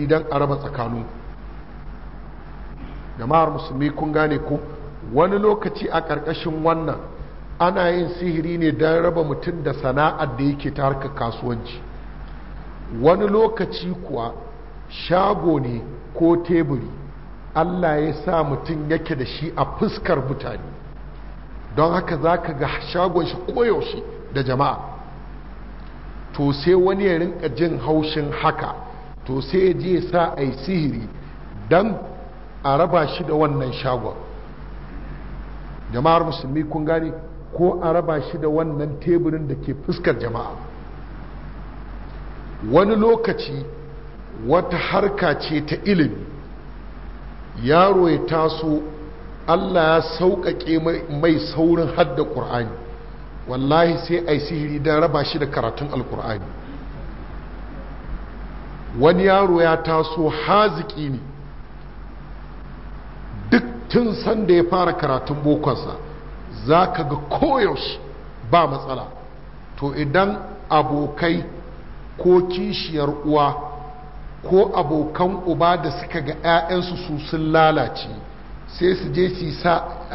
Idan a raba tsakanin jama'ar musulmi kun gane ku. wani lokaci a ƙarƙashin wannan ana yin sihiri ne don raba mutum da sana'ar da yake ta harkar kasuwanci wani lokaci kuwa shago ne ko teburi allah ya sa mutum yake da shi a fuskar mutane don haka za ka ga shagon shi koyaushe da jama'a to sai wani ya rinka jin haushin haka to sai je sa a yi sihiri don a raba shi da wannan shagon jama'ar musulmi kun gane ko a raba shi da wannan teburin da ke fuskar jama'a wani lokaci wata harka ce ta ilimi yaro ya taso allah ya sauƙaƙe mai saurin hadda ƙur'ani wallahi sai a yi sihiri don raba shi da karatun alƙur'ani wani yaro ya taso haziki ne duk tun sanda ya fara karatun bokonsa za ka ga koyaushe ba matsala to idan abokai ko kishiyar uwa ko abokan uba da suka ga 'ya'yansu su sun lalace sai su je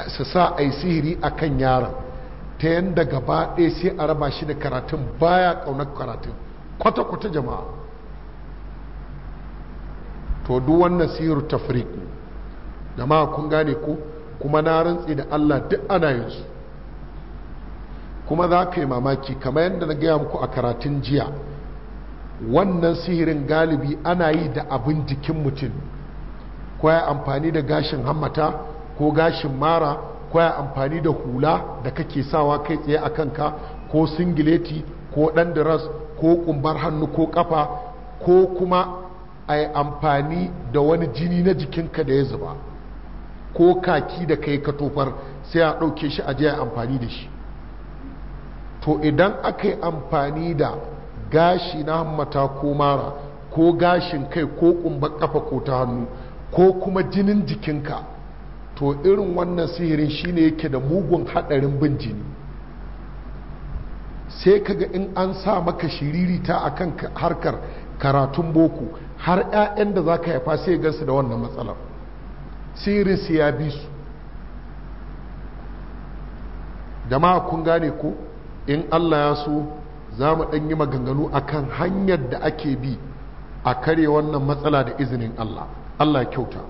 su sa a sihiri a kan yaron ta yadda gaba ɗaya sai a raba shi da karatun baya ƙaunar karatun kwata-kwata jama'a to duk wannan siru tafriq ma kun gane ku, kuma na rantsi da Allah duk ana yin su kuma za ka yi mamaki kamar yadda na gaya muku a karatun jiya wannan sihirin galibi ana yi da abin jikin mutum ko amfani da gashin hammata ko gashin mara kwaya amfani da hula da kake sawa kai tsaye a kanka ko singileti ko ɗan diras ko ƙumbar hannu ko ƙafa ko kuma a yi amfani da wani jini na jikinka da ya zuba ko kaki da kai ka tofar sai a ɗauke shi a jiya amfani da shi to idan aka yi amfani da gashi na hammata ko mara ko gashin kai ko ƙumbar ƙafa ko ta hannu ko kuma jinin jikinka to irin wannan sihirin shine yake da mugun haɗarin bin jini sai kaga in an sa maka shiririta kan harkar karatun boko har 'ya'yan da za ka haifa sai gansu da wannan matsalar su ya bi su jama'a kun gane ko in allah ya so za mu ɗan yi maganganu akan hanyar da ake bi a kare wannan matsala da izinin allah allah kyauta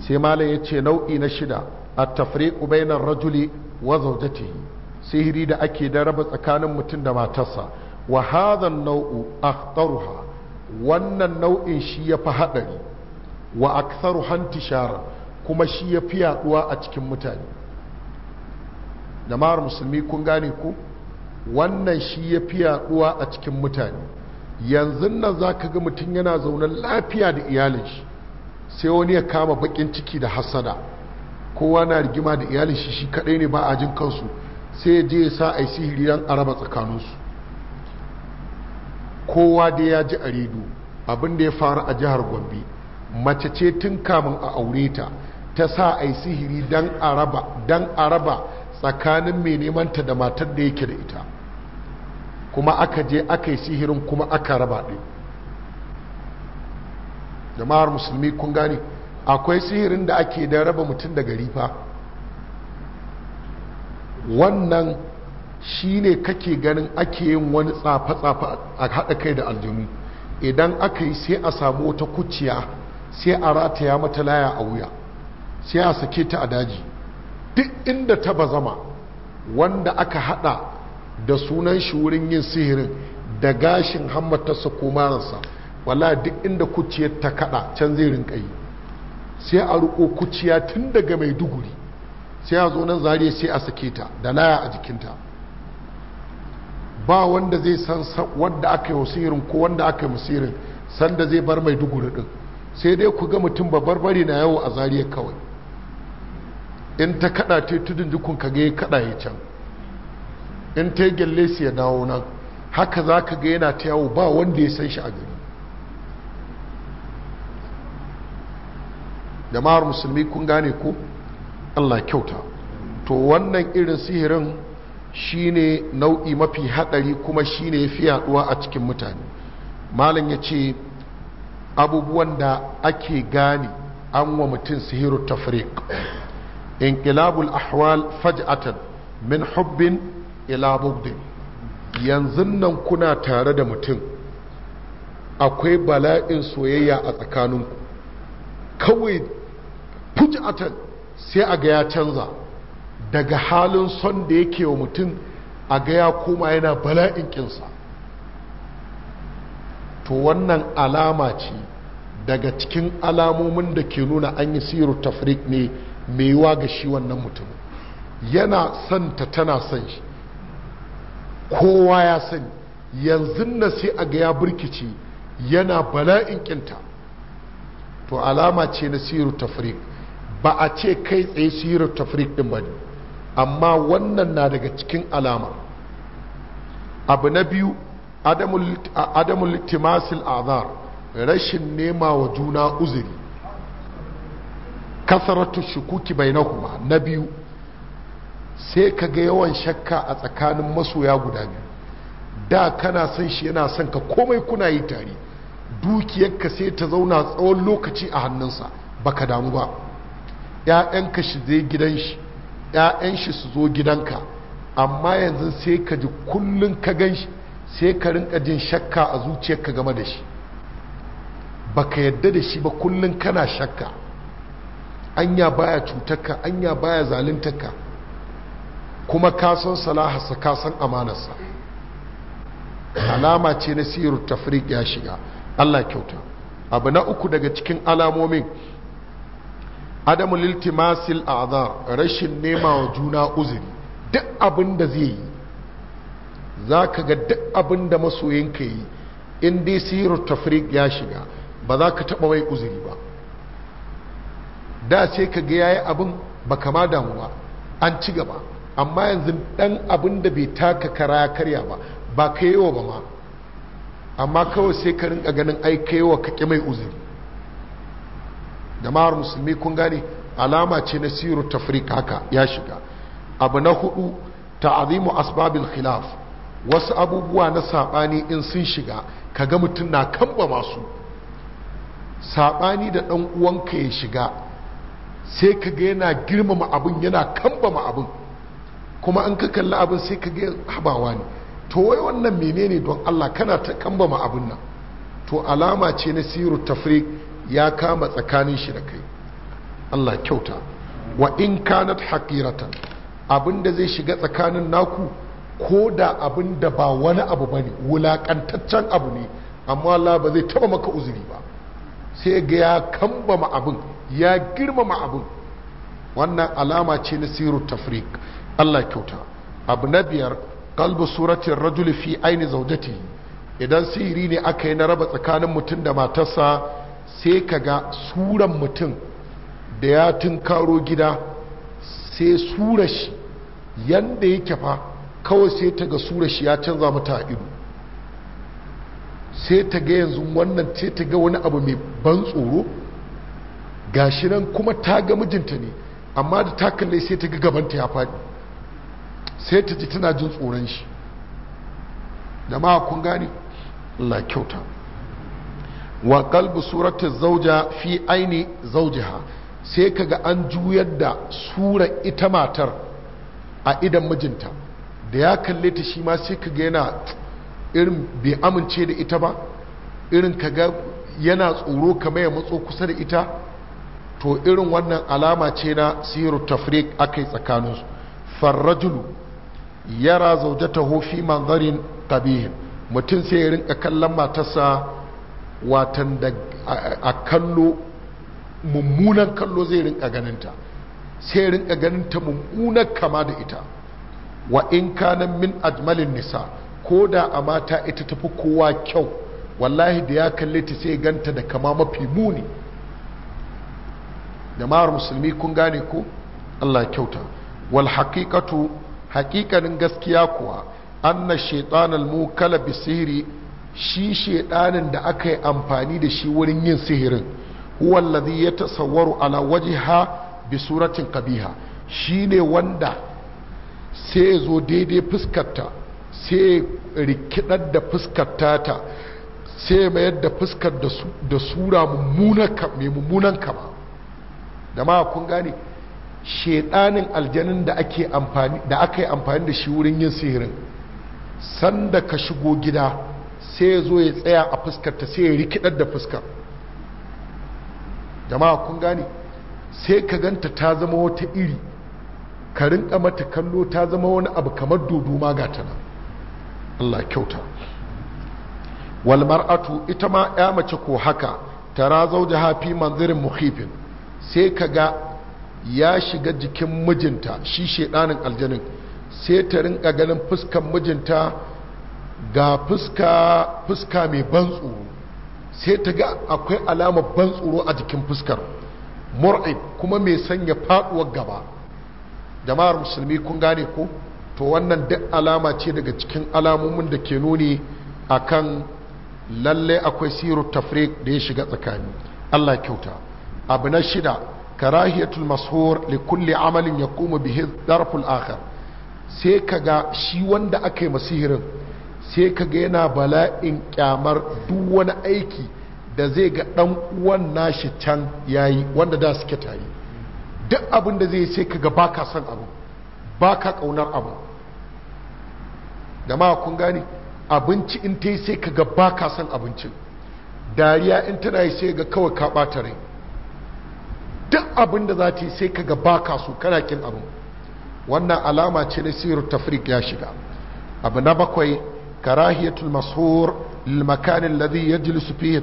sai malam ya ce nau'i na shida a tafriqu ubainar rajuli wa zaujati sihiri da ake da raba tsakanin mutum da matarsa wa hadha an-naw'u akhtaruha wannan nau'in shi ya fi haɗari wa aksaru shara, kuma shi ya fi yaɗuwa a cikin mutane jama'ar musulmi kun gane ku. wannan shi ya fi yaɗuwa a cikin mutane yanzu nan za ka ga mutum yana zaune lafiya da iyalin shi sai wani ya kama bakin ciki da hasada kowa na rigima da iyalin shi shi kaɗai ne ba a jin kansu sai ya je ya sa a yi sihiri don araba tsakaninsu kowa da ya ji a redu abin da ya faru a jihar gombe mace ce tun kamun a aure ta ta sa a yi sihiri don araba don tsakanin mai nemanta da matar da yake da ita kuma aka je aka yi sihirin kuma aka raba ɗin jama'ar musulmi kun gane akwai sihirin da ake da raba mutum da rifa. wannan shi ne kake ganin ake yin wani tsafa-tsafa a haɗa kai da aljanu idan aka yi sai a samu wata kuciya sai a rataya mata laya a wuya sai a sake ta a daji duk inda ta ba zama wanda aka haɗa da sunan shi wurin yin sihirin da gashin hammatarsa ko mararsa wala duk inda kuciyar ta kaɗa can zai rinka yi sai a riko kuciya tun daga mai duguri sai a zo nan zariya sai a sake ta da laya a jikinta ba wanda zai san wanda aka yi wasirin ko wanda aka yi musirin sanda zai bar mai duguri din sai dai ku ga mutum babbar bari na yawo a zariya kawai in ta kada ta tudun jikun ka ga ya kada ya can in ta gyalle su ya dawo nan haka za ka ga yana ta yawo ba wanda ya san shi a gari jama'ar musulmi kun gane ko allah kyauta to wannan irin sihirin shine nau'i mafi hadari kuma shine yafi yaduwa a cikin mutane malam yace abubuwan da ake gane an wa mutum sihiru tafriq inqilabul ahwal faj'atan min hubbin ila yanzu nan kuna tare da mutum akwai bala'in soyayya a tsakaninku kawai fuj'atan sai a ga ya canza daga halin son da yake wa mutum a ga ya koma yana bala'in kinsa to wannan alama ce daga cikin alamomin da ke nuna an yi siru tafrik ne mai yiwa ga shi wannan mutum yana son ta tana son shi kowa ya sani yanzu na sai a ga ya birkice yana bala'in kinta to alama ce na siru tafrik ba a ce kai tsaye siru tafrik din ba ne amma wannan na daga cikin alama abu na biyu adamul timasil azar rashin nema wa juna uzuri kasaratu shukuki bai na biyu sai ka ga yawan shakka a tsakanin masoya guda biyu da kana son shi yana son ka komai kuna yi tare dukiyarka sai ta zauna tsawon lokaci a hannunsa baka damu ba 'ya'yanka shi zai gidan shi 'ya'yan shi su zo gidanka amma yanzu sai ka ji kullum ka gan shi sai ka rinka jin shakka a zuciyarka game da shi baka yadda da shi ba kullum kana shakka anya baya cutarka anya baya zaluntarka kuma ka san salahasa ka san amanarsa alama ce na sirrul tafriq ya shiga Allah kyauta abu na uku daga cikin alamomin adamu liltimasil azar rashin nema wa juna uzuri duk abin da zai yi za ka ga duk abin da masoyinka yi in dai siru tafrik ya shiga ba za ka taɓa mai uzuri ba da sai ka ga yayi abin ba kama damu ba an ci gaba amma yanzu dan abin da bai taka kara karya ba ba ka yi wa ba ma amma kawai sai ka rinka ganin ai ka yi ka ƙi mai uzuri jama'ar musulmi kun gane alama ce na siru tafrik haka ya shiga abu na hudu ta'azimu asbabil khilaf wasu abubuwa na sabani in sun shiga kaga mutum na kamba masu sabani da dan uwanka ya shiga sai kaga yana girmama abin yana kamba abin kuma an ka kalli abin sai kaga habawa ne to wai wannan menene don Allah kana ta kamba abin nan to alama ce na siru tafrik ya kama tsakanin shi da kai Allah kyauta wa in kanat haqiratan abinda zai shiga tsakanin naku ko da abinda ba wani abu bane wulakantaccen abu ne amma Allah ba zai taba maka uzuri ba sai ga ya ma abin ya girmama abin wannan alama ce na siru tafrik Allah kyauta abu na biyar kalbu suratin rajuli fi aini zaujati idan sihiri ne aka yi na raba tsakanin mutum da matarsa sai ka ga suran mutum da ya tunkaro gida sai sura shi yadda yake fa kawai sai ta ga sura shi ya canza mata ido sai ta ga yanzu wannan sai ta ga wani abu mai ban tsoro gashi nan kuma ta ga mijinta ne amma da ta kalle sai ta ga gabanta ya faɗi sai ta ji tana jin tsoron shi da ma kun gane Allah kyauta wa kalbu surata zauja fi aini zaujiha sai kaga an juyar da sura ita matar a idan mijinta da ya kalle ta shi ma sai kaga yana irin bai amince da ita ba irin kaga yana tsoro kama ya matso kusa da ita to irin wannan alama ce na siru tafrik akai tsakaninsu farrajulu yara zaujatahu fi manzarin tabihin mutum sai ya rinka kallon matarsa watan da a kallo mummunan kallo zai rinka ganinta sai rinka ganinta mummunan kama da ita wa in kana min ajmalin nisa ko da a mata ita tafi kowa kyau wallahi da ya kalli ta sai ganta da kama mafi muni jama'ar musulmi kun gane ko Allah kyauta wal haƙiƙatu, haƙiƙanin gaskiya kuwa anna mu kala bisiri shi shedanin da aka yi amfani da shi wurin yin sihirin huwallazi ya tasawwaru ala wajha bi suratin kabiha shine wanda sai ya zo daidai fuskarta sai rikidar da fuskarta ta sai mayar da fuskar da sura mai mummunan kama da ma kun gane shedanin aljanin da aka yi amfani da shi wurin yin sihirin sanda ka shigo gida sai ya zo ya tsaya a fuskarta sai ya rikidar da fuskar jama'a kun gane sai ka ganta ta zama wata iri ka rinka mata kallo ta zama wani abu kamar dodo ma ga ta nan Allah kyauta wal mar'atu ita ma ya mace ko haka tara zauja hafi manzirin muhifin sai ka ga ya shiga jikin mijinta shi shedanin aljanin sai ta rinka ganin fuskar mijinta ga fuska fuska mai ban tsoro sai ta ga akwai alamar ban tsoro a jikin fuskar mur'ib kuma mai sanya faduwar gaba jama'ar musulmi kun gane ko to wannan duk alama ce daga cikin alamomin da ke nuni akan lalle akwai siru tafrik da ya shiga tsakani Allah kyauta abu na shida karahiyatul mashur li kulli amalin ya kuma bihin darful akhar sai ka ga shi wanda aka yi masihirin sai kaga yana bala'in kyamar duk wani aiki da zai ga dan uwan nashi can yayi wanda da suke tare duk abin da zai sai kaga baka son abu baka kaunar abu ma kun gane abinci in ta yi sai kaga baka son abincin dariya in tana yi sai ga kawai ka ɓata rai duk abin da za ta yi sai ka ga ba ka kana kin abin wannan alama ce na sirrin tafrik ya shiga abu na bakwai karahiyatul mashur lil makan alladhi yajlisu fihi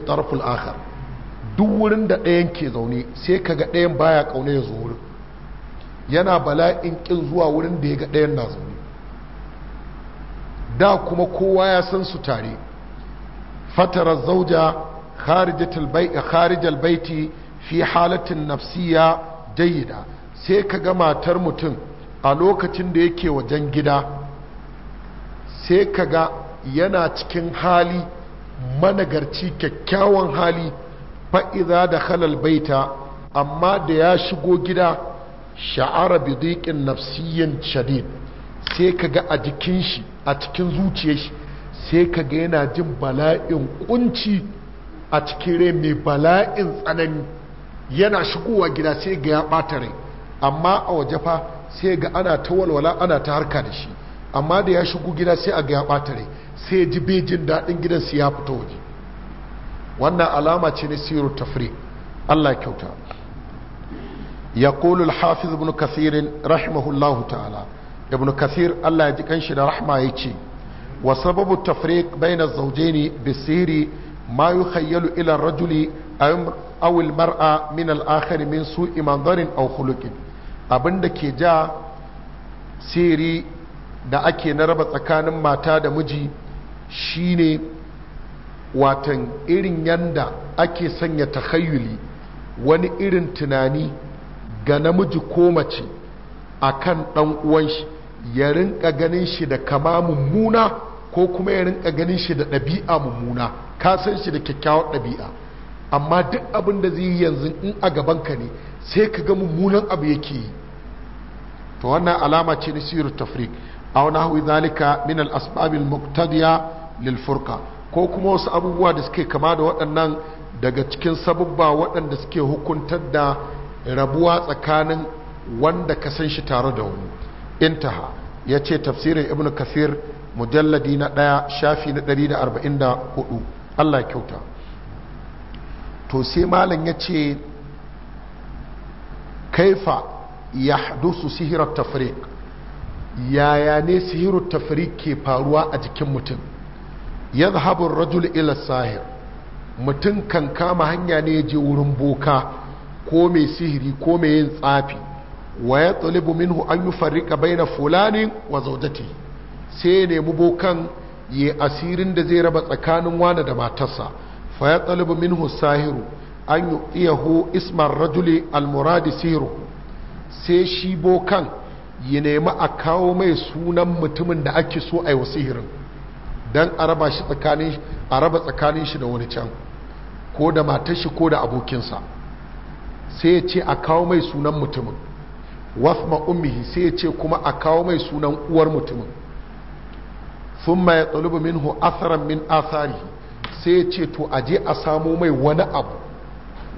duk wurin da ɗayan ke zaune sai kaga ɗayan baya kaune ya zo yana bala'in kin zuwa wurin da ya ga ɗayan na zaune da kuma kowa ya san su tare fatara zauja kharijatul kharijal baiti fi halatin nafsiya jayyida sai kaga matar mutum a lokacin da yake wajen gida sai kaga yana cikin hali managarci kyakkyawan hali fa'iza da halal baita amma da ya shigo gida sha'ara bidikin nafsiyin shadid sai ka ga a jikin shi a cikin zuciyar shi sai ka ga yana jin bala'in kunci a cikin rai mai bala'in tsanani yana shigowa gida sai ga ya ɓata rai amma a waje fa sai ga ana ta walwala ana ta harka da shi amma da ya shigo gida sai a ga ya ɓata rai sai ji bejin daɗin gidansu ya fito waje wannan alama ce ne siru tafri Allah kyauta ya kolul hafiz ibn kasirin rahimahullahu ta'ala ibn kasir Allah ya ji kanshi da rahma ya ce wa sababu tafriq bayna zawjaini bisiri ma yukhayyalu ila rajuli aw al mar'a min al akhir min su'i manzarin aw khuluqin abinda ke ja siri da ake na raba tsakanin mata da miji shine watan irin yanda ake sanya takayyuli wani irin tunani ga namiji ko mace akan dan uwan shi ya rinka ganin shi da kama mummuna ko kuma ya rinka ganin shi da ɗabi'a mummuna ka san shi da kyakkyawar ɗabi'a amma duk abin da zai yi yanzu in a gabanka ne sai ka ga mummunan abu yake yi to wannan alama ce na sirru tafrik a wani hau zalika min al-asbabil muqtadiya lilfurka ko kuma wasu abubuwa da suke kama da waɗannan daga cikin sabubba waɗanda suke hukuntar da rabuwa tsakanin wanda ka san shi tare da wani intaha ya ce tafsirin ibn kafir mujalladi na ɗaya shafi na 144 allah kyauta to sai malam ya ce kaifa ya hadusu sihirar tafrik yaya ne sihirar tafrik ke faruwa a jikin mutum yadhhabu ar-rajul ila sahir mutum kan kama hanya ne ya je wurin boka ko mai sihiri ko mai yin tsafi wa ya talibu minhu an yufarrika baina fulani wa zawjatihi sai ya nemi bokan ya asirin da zai raba tsakanin wani da matarsa fa ya talibu minhu sahiru an yu'iyahu ismar rajuli almuradi muradi sihiru sai shi bokan ya nemi a kawo mai sunan mutumin da ake so a yi wa sihirin don a raba shi tsakanin a raba tsakanin shi da wani can ko da matar shi ko da abokinsa sai ya ce a kawo mai sunan mutumin wasma ma'ummihi sai ya ce kuma a kawo mai sunan uwar mutumin sun ma ya tsalubu minhu asaran min asari sai ya ce to aje a samo mai wani abu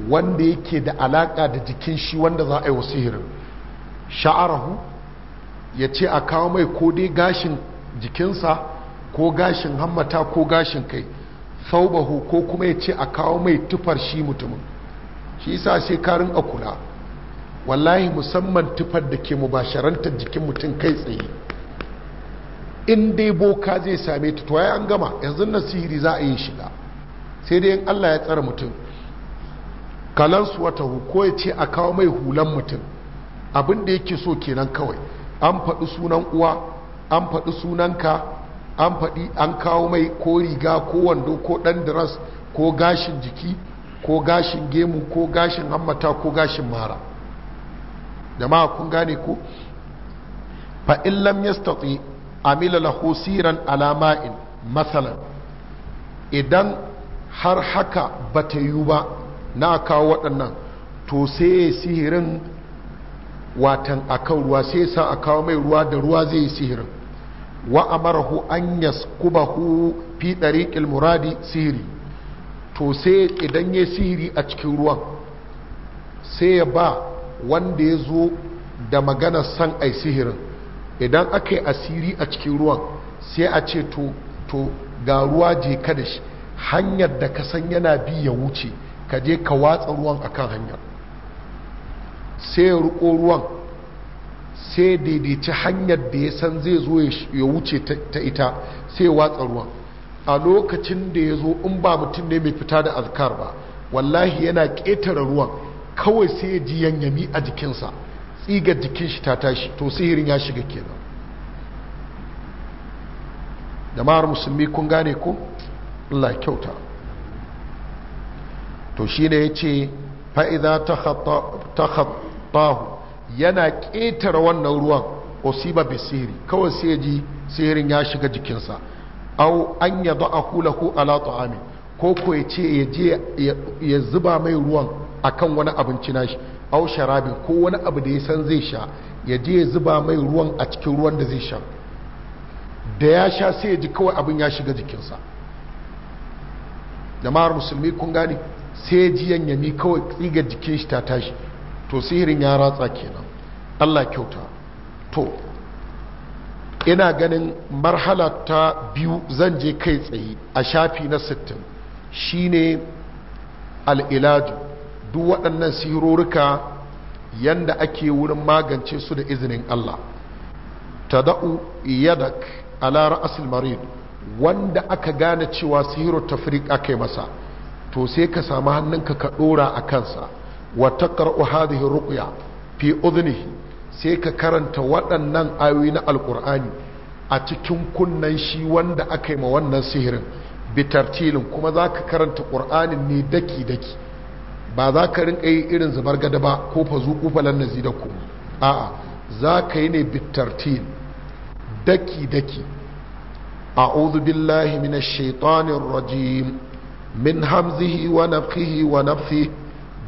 wanda yake da alaƙa da jikin shi wanda za a yi sihiri. sha'arahu ya ce a kawo mai ko dai gashin jikinsa ko gashin hammata ko gashin kai saubahu ko kuma ya ce a kawo mai tufar shi mutumin shi sa sai karin a kula wallahi musamman tufar da ke mubasharantar jikin mutum kai tsaye in dai boka zai same ta to an gama yanzu na sihiri za a yi shiga sai dai in allah ya tsara mutum kalansu wata ko ya ce a kawo mai hulan mutum abinda da yake so kenan kawai an faɗi sunan uwa an faɗi sunanka an faɗi an kawo mai ko riga ko wando ko ɗan diras ko gashin jiki ko gashin gemu ko gashin hammata ko gashin mara jama'a kun gane ko fa in lam yastati amila lahu siran ala ma'in masalan idan har haka bata yi ba na kawo waɗannan to sai ya sihirin watan akan ruwa sai sa a kawo mai ruwa da ruwa zai yi sihirin wa amarahu an yaskubahu fi dariqil muradi sihiri to sai idan ya sihiri a cikin ruwan sai ya ba wanda ya zo da magana san ai sihirin idan aka yi asiri a cikin ruwan sai a ce to to ga ruwa je ka da shi hanyar da ka san yana bi ya wuce ka je ka watsa ruwan akan hanyar sai ya ruko ruwan sai daidaici hanyar da ya san zai zo ya wuce ta ita sai watsa ruwan a lokacin da ya zo in ba mutum ne mai fita da azkar ba wallahi yana ƙetare ruwan kawai sai ya ji yanyami a jikinsa tsigar jikin shi ta tashi to sihirin ya shiga kenan jama'ar musulmi kun gane ko Allah kyauta to shi ne ya ce fa'iza ta khattahu yana ƙetare wannan ruwan osiba bai sihiri kawai sai ji sihirin ya shiga jikinsa au an yadda ba ala kula ko ko ya ce ya je ya zuba mai ruwan akan wani abinci nashi au sharabi ko wani abu da ya san zai sha ya je ya zuba mai ruwan a cikin ruwan da zai sha da ya sha sai ya ji kawai abin ya shiga jikinsa jama'ar musulmi kun gane sai ji yanyami kawai tsigar jikin shi ta tashi to sihirin ya ratsa kenan allah kyauta to ina ganin marhala ta biyu zan je kai tsaye a shafi na 60 shine al'ilaju duk waɗannan sihirorika yanda ake wurin magance su da izinin allah ta da'u yadak ala ra'asil marid wanda aka gane cewa sihirar tafrik aka yi masa to sai ka samu hannunka ka ɗora a kansa wa taqra'u hadhihi ruqya fi udhnihi sai ka karanta waɗannan ayoyi na alkur'ani a cikin kunnan shi wanda aka yi ma wannan sihirin bitartilin kuma za ka karanta ƙur'anin ne daki-daki ba za ka rinka yi irin zubar gada ba ko fa zu ƙufalan na zidaku a'a za ka yi ne bitartil daki-daki a'udhu billahi rajim min hamzihi wa nafihi wa nafthihi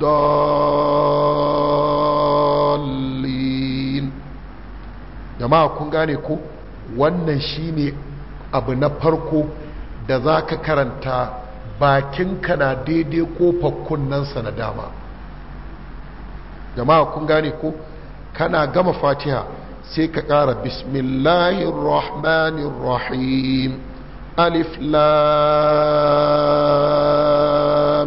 dalilin jama'a kun gane ko wannan shine abu na farko da za ka karanta bakinka na daidai kofar kunnensa na dama jama'a kun gane ko kana gama fatiha sai ka ƙara bismillahirrahmanirrahim alif lam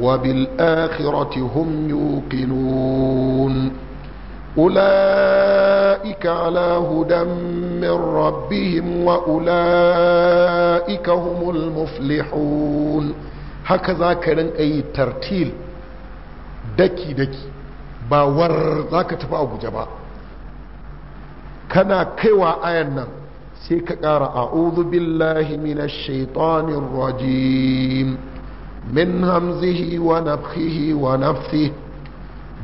وبالآخرة هم يوقنون أولئك على هدى من ربهم وأولئك هم المفلحون هكذا كان أي ترتيل دكي دكي باور ذاك تبقى أبو جبا كان كوا آينا سيكار أعوذ بالله من الشيطان الرجيم من همزه ونفخه ونفثه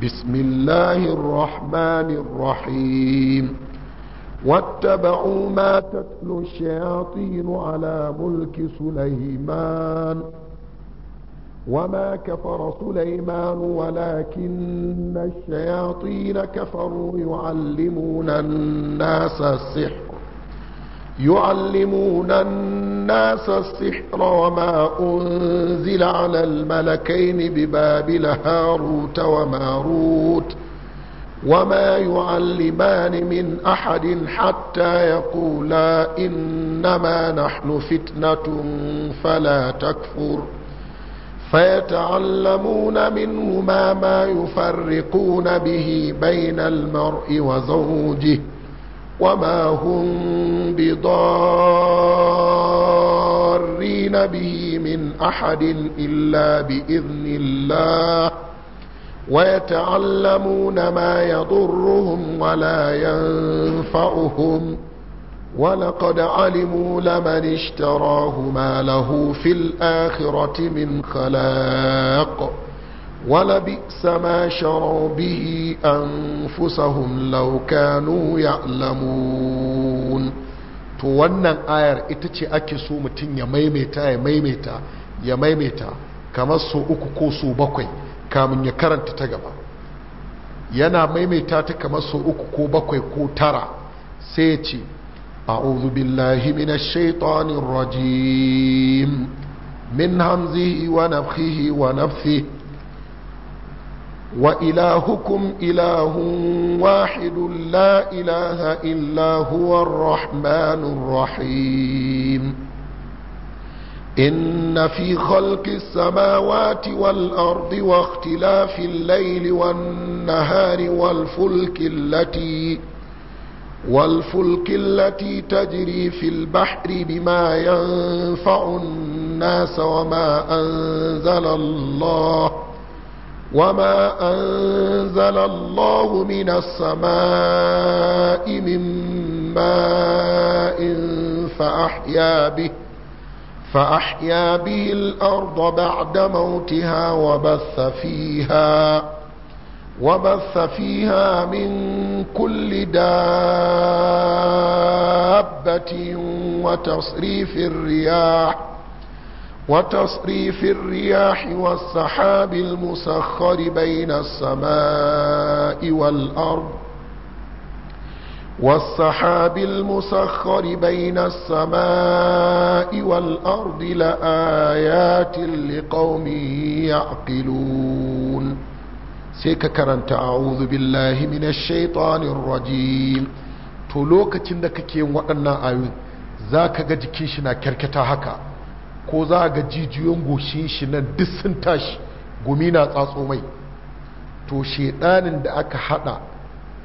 بسم الله الرحمن الرحيم واتبعوا ما تتلو الشياطين على ملك سليمان وما كفر سليمان ولكن الشياطين كفروا يعلمون الناس السحر يعلمون الناس السحر وما أنزل على الملكين ببابل هاروت وماروت وما يعلمان من أحد حتى يقولا إنما نحن فتنة فلا تكفر فيتعلمون منهما ما يفرقون به بين المرء وزوجه وما هم بضارين به من أحد إلا بإذن الله ويتعلمون ما يضرهم ولا ينفعهم ولقد علموا لمن اشتراه ما له في الآخرة من خلاق ولبئس ما شروا به أنفسهم لو كانوا يعلمون to wannan ayar ita ce ake so mutum ya maimaita ya maimaita ya maimaita kamar so uku ko so bakwai kamun ya karanta ta gaba yana maimaita ta kamar so uku ko bakwai ko tara sai ya ce a'udhu billahi minash shaitanir rajim min hamzihi wa nafthihi wa nafthihi وإلهكم إله واحد لا إله إلا هو الرحمن الرحيم إن في خلق السماوات والأرض واختلاف الليل والنهار والفلك التي والفلك التي تجري في البحر بما ينفع الناس وما أنزل الله وما أنزل الله من السماء من ماء فأحيا به فأحيا به الأرض بعد موتها وبث فيها وبث فيها من كل دابة وتصريف الرياح وتصريف الرياح والسحاب المسخر بين السماء والأرض والسحاب المسخر بين السماء والأرض لآيات لقوم يعقلون سيك كرنت أعوذ بالله من الشيطان الرجيم تلوك تندك كي وأنا أعوذ ذاك قد كيشنا كركتا هكا ko za ga jijiyoyin goshin shi nan duk sun tashi gumi na tsatso mai to shedanin da aka hada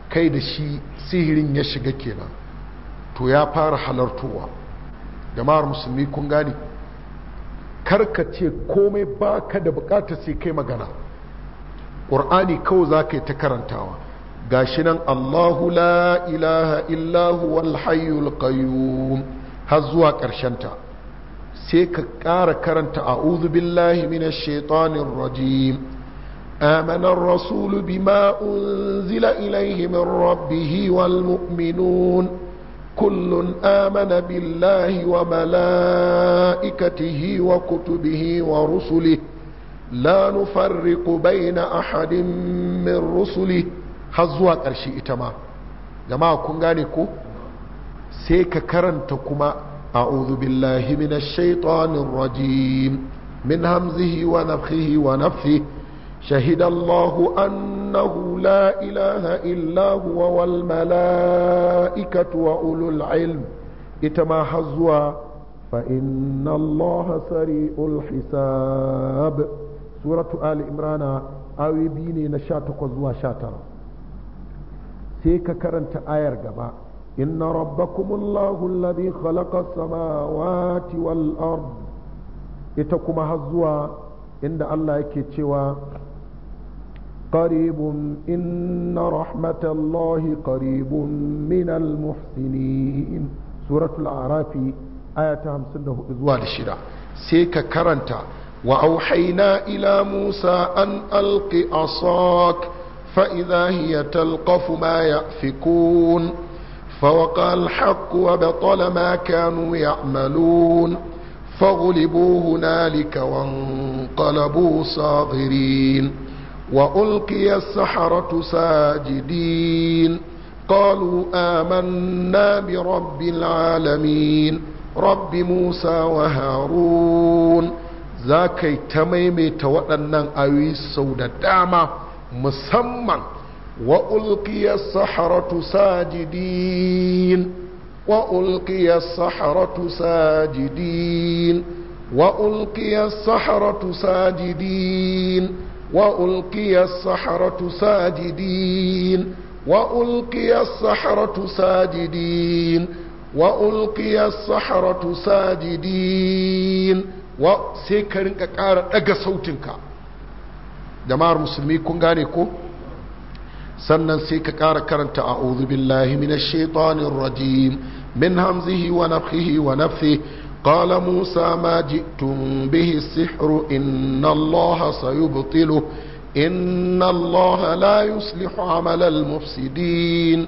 kai da shi sihirin ya shiga kenan to ya fara halartowa jama'ar musulmi kun gane ce komai baka da bukatar sai kai magana ƙur'ani kawai za ka yi ta karantawa gashi nan allahu la ilaha illahu wal hayyul har zuwa ƙarshenta sai ka ƙara karanta a mina shaitanin rajim amanar rasulu bi ma'un zila ilayhimin rabbihi wal mu'minun kullun amana billahi wa mala'ikatihi wa kutubihi wa rusuli la baina bayna ahadin min rusuli har zuwa ƙarshe ita ma jama'a kun gane ko sai ka karanta kuma أعوذ بالله من الشيطان الرجيم من همزه ونفخه ونفثه شهد الله أنه لا إله إلا هو والملائكة وأولو العلم إتما حزوا فإن الله سريع الحساب سورة آل إمرانا أوي بيني نشاتك وزوا شاتر سيكا كرنت آير قبا إن ربكم الله الذي خلق السماوات والأرض إتكم هزوا إن الله يكتشوا قريب إن رحمة الله قريب من المحسنين سورة الأعراف آية 54 إزوال الشراء سيك كرنتا وأوحينا إلى موسى أن ألق عصاك فإذا هي تلقف ما يأفكون فوقع الحق وبطل ما كانوا يعملون فغلبوا هنالك وانقلبوا صاغرين وألقي السحرة ساجدين قالوا آمنا برب العالمين رب موسى وهارون زاكي تميمي توأنن أوي سودة داما مسمّن وألقي السحرة ساجدين وألقي السحرة ساجدين وألقي السحرة ساجدين وألقي السحرة ساجدين وألقي السحرة ساجدين وألقي السحرة ساجدين وسيكرنك قارن أجا صوتك jama'ar musulmi kun gane ko sannan sai ka ƙara karanta a billahi min shaitanin rajim min hamzihi wa nafhihi wa nafhi قال موسى ما جئتم به السحر إن الله سيبطله إن الله لا يصلح عمل المفسدين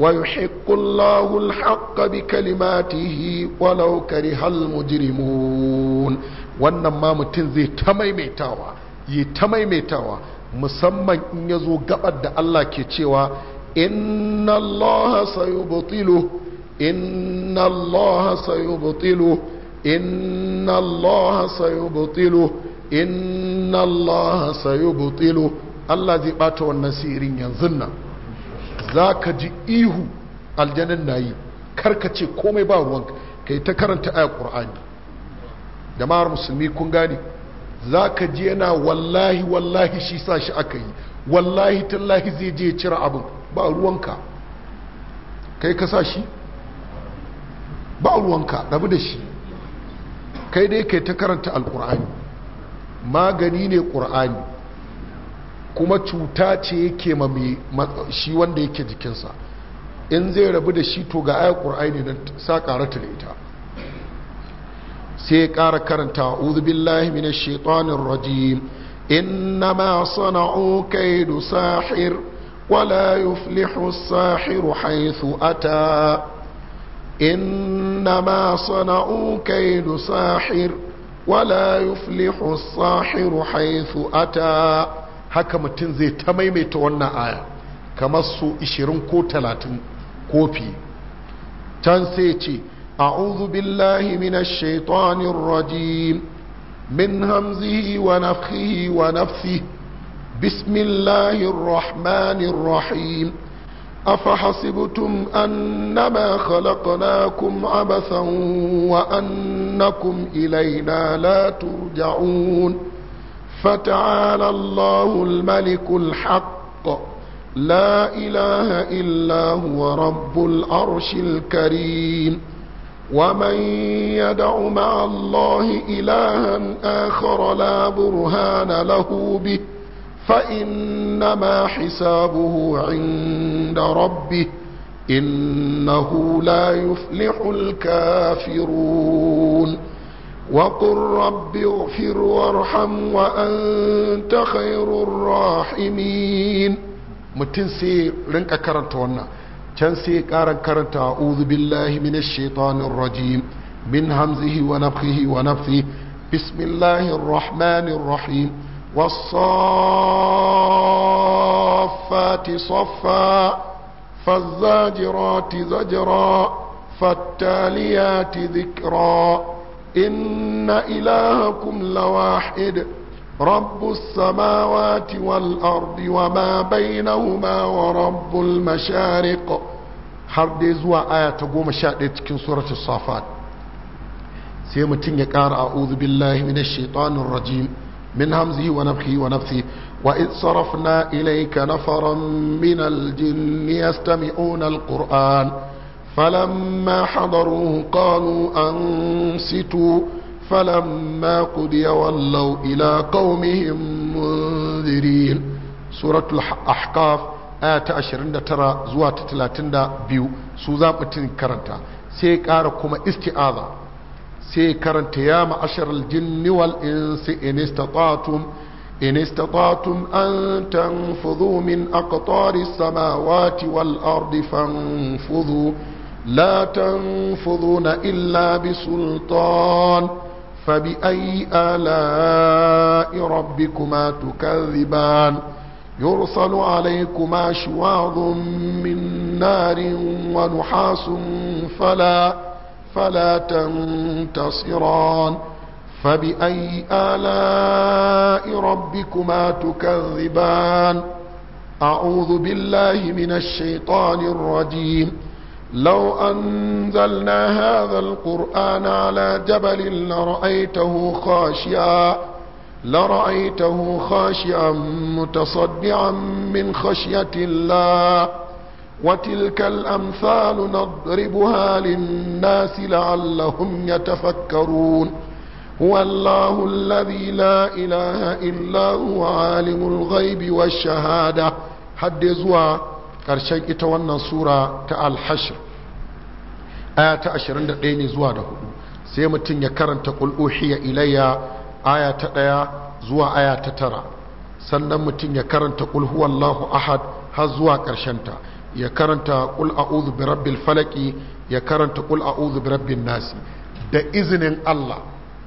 ويحق الله الحق بكلماته ولو كره المجرمون wannan ma mutum zai ta maimaitawa yi ta maimaitawa musamman in ya zo gabar da Allah ke cewa inna Allah sayubtilu inna Allah sayubtilu inna Allah sayubtilu inna Allah sayubtilu Allah zai bata wannan sirin yanzu nan zaka ji ihu aljanan nayi ce komai ba ruwanka kai ta karanta ayat Qur'ani jama'ar musulmi kun gane za ka ji yana wallahi wallahi shi sa shi aka yi wallahi tallahi zai je cire abin ba ruwanka kai ka sa shi ba ruwanka rabu da shi kai dai kai ta karanta alkur'ani magani ne ƙur'ani kuma cuta ce yake ma shi wanda yake jikinsa in zai rabu da shi to ga ayar ƙur'ani na sa ƙarata da ita sai ƙara karanta uzu billahi minash shaitanir rajim innama sana'u kaidu sahir wala yuflihu as-sahiru haythu ata innama sana'u kaidu sahir wala yuflihu as-sahiru haythu ata haka mutum zai ta maimaita wannan aya kamar su 20 ko 30 kofi can sai ce أعوذ بالله من الشيطان الرجيم من همزه ونفخه ونفثه بسم الله الرحمن الرحيم أفحسبتم أنما خلقناكم عبثا وأنكم إلينا لا ترجعون فتعالى الله الملك الحق لا إله إلا هو رب العرش الكريم ومن يدع مع الله إلها آخر لا برهان له به فإنما حسابه عند ربه إنه لا يفلح الكافرون وقل رب اغفر وارحم وأنت خير الراحمين متنسي لنك أكرمت ونه كان سيكارا كرتا أعوذ بالله من الشيطان الرجيم من همزه ونفخه ونفثه بسم الله الرحمن الرحيم والصافات صفا فالزاجرات زجرا فالتاليات ذكرا إن إلهكم لواحد رب السماوات والأرض وما بينهما ورب المشارق حرد زوا آيات قوم شاديت كن سورة الصافات سيما تنجك أعوذ بالله من الشيطان الرجيم من همزه ونفخه ونفثه وإذ صرفنا إليك نفرا من الجن يستمعون القرآن فلما حضروه قالوا أنستوا فلما قضي ولوا إلى قومهم منذرين سورة الأحقاف آية عشرين ترى زوات تلاتين بيو سوزابتين كرنتا سيكار كما استعاذة سيكارن تيام عشر الجن والإنس إن استطعتم إن استطعتم أن تنفذوا من أقطار السماوات والأرض فانفذوا لا تنفذون إلا بسلطان فبأي آلاء ربكما تكذبان يرسل عليكما شواظ من نار ونحاس فلا فلا تنتصران فبأي آلاء ربكما تكذبان أعوذ بالله من الشيطان الرجيم لو أنزلنا هذا القرآن على جبل لرأيته خاشعا لرأيته خاشعا متصدعا من خشية الله وتلك الأمثال نضربها للناس لعلهم يتفكرون هو الله الذي لا إله إلا هو عالم الغيب والشهادة حدثوا Karshen ita wannan sura ta alhashir aya ta 21 ne zuwa da hudu sai mutum ya karanta ƙul'uhiya ilayya aya ta ɗaya zuwa aya ta tara sannan mutum ya karanta ƙulhuwallahu ahad har zuwa ƙarshenta ya karanta ƙul a'udhu bi falaki ya karanta ƙul a'udhu bi nasi da izinin Allah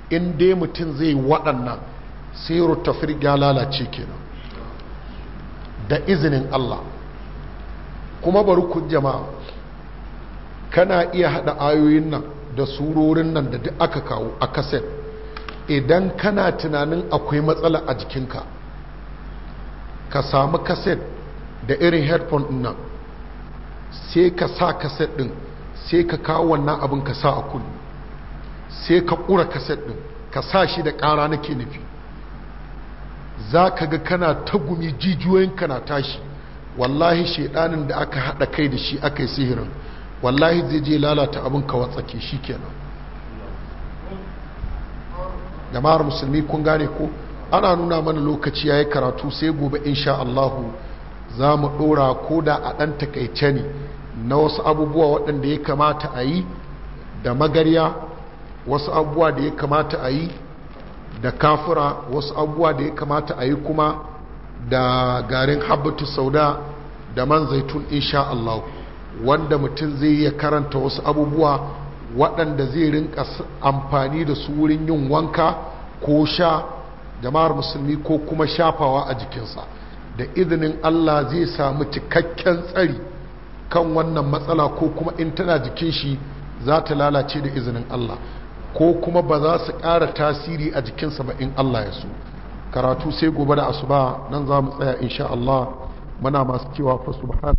in dai mutum zai waɗannan sai tafrik lalace kenan da izinin Allah kuma bari ku jama'a kana iya hada ayoyin nan da surorin nan da duk aka kawo a kaset idan kana tunanin akwai matsala a jikinka ka samu kaset da irin headphone din nan sai ka sa kaset din sai ka kawo wannan abin ka sa a kulli sai ka kura kaset din ka sa shi da ƙara nake nufi za ka ga kana tagumi gumi jijiyoyinka na tashi wallahi shaidanin da aka haɗa kai da shi aka yi sihirin wallahi zai je lalata abin ka tsaki shi kenan jama'ar musulmi kun gane ko ana nuna mana lokaci ya yi karatu sai gobe insha Allahu za mu ɗora ko da a ɗan takaice ne na wasu abubuwa waɗanda ya kamata a yi da magarya wasu abubuwa da ya kamata a yi da kafura wasu abubuwa da ya kamata a yi kuma da garin habbatu sauda da man zaitun insha Allah wanda mutum zai iya karanta wasu abubuwa waɗanda zai rinka amfani da su wurin yin wanka ko sha jama'ar musulmi ko kuma shafawa a jikinsa da izinin Allah zai samu cikakken tsari kan wannan matsala ko kuma in tana jikin shi za ta lalace da izinin Allah ko kuma ba za su ƙara tasiri a jikinsa ba in Allah ya so karatu sai gobe da asuba nan za mu tsaya insha Allah muna masu cewa fa subhanahu